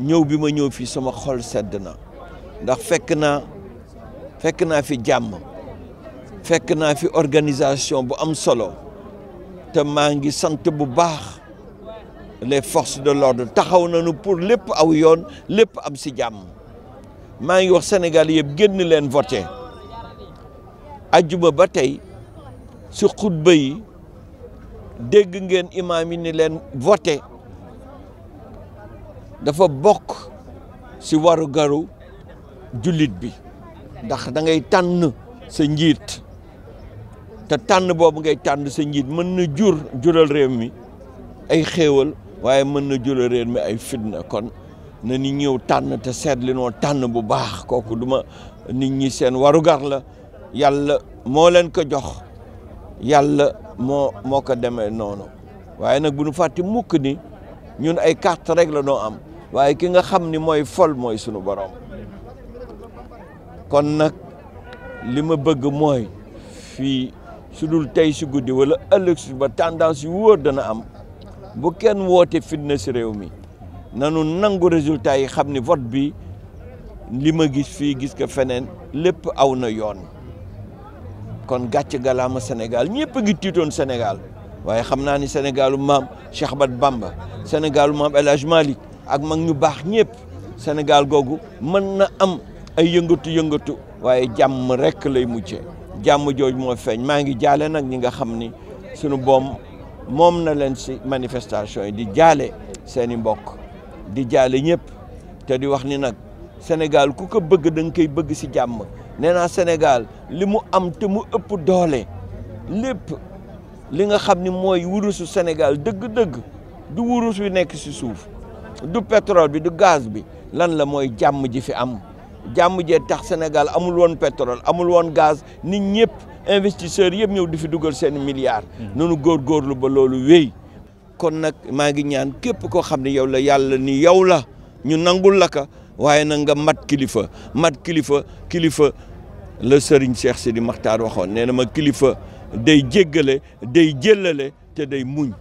ñëw bi ma ñëw fii sama xol sedd na ndax fekk naa fekk naa fi jàmm fekk naa fi organisation bu am solo te maa ngi sant bu baax les forces de l'ordre taxaw nañu pour lépp aw yoon lépp am si jàmm maa ngi wax Sénégal yëpp génn leen voté ajjuma ba tey si xutba yi dégg ngeen imaam yi ni leen voté dafa bokk ci warugaru jullit bi ndax dangay tànn sa njiit te tànn boobu ngay tànn sa njiit mën na jur jural réew mi ay xéewal waaye mën na jural réew mi ay fitna kon na ni ñëw tànn ta seetli li noo tànn bu baax kooku duma nit ñi seen warugar la yàlla moo leen ko jox yàlla moo moo ko demee noonu waaye nag bu ñu fàtte mukk ni ñun ay carte rek la noo am waaye ki nga xam ni mooy fol mooy sunu borom kon nag li ma bëgg mooy fii su dul tey si guddi wala ëllëg si ba tendance yu wóor dana am bu kenn woote fitna si réew mi nanu nangu résultat yi xam ni vote bi li ma gis fii gis ko feneen lépp aw na yoon kon gàcc galaama senegal ñëpp a ngi tiitoon Sénégal waaye xam naa ni senegalu maam Cheikh Ahmad Bamba Sénégalu maam El Hadj Malick ak mag ñu baax ñëpp Sénégal googu mën na am ay yëngatu-yëngatu waaye jàmm rekk lay mujje jàmm jooj moo feeñ maa ngi jaale nag ñi nga xam ni sunu boom moom na leen si manifestation yi di jaale seeni mbokk di jaale ñëpp te di wax ni nag senegal ku ko bëgg da nga koy bëgg si jàmm nee naa senegal li mu am te mu ëpp doole lépp li nga xam ni mooy wurusu Sénégal dëgg-dëgg du wurus wi nekk si suuf du pétrole bi du gaz bi lan la mooy jàmm ji fi am jàmm jee tax senegal amul woon pétrole amul woon gaz nit ñëpp investisseurs yëpp ñëw di fi dugal seen milliards. góor hmm. góorgóorlu ba loolu wéy. kon nag maa ngi ñaan képp koo xam ne yow la yàlla ni yow la ñu nangul la waaye na mat kilifa mat kilifa kilifa la sëriñ Cheikh Sidi Makhtar waxoon nee na ma kilifa day jéggale day jëllale te day muñ.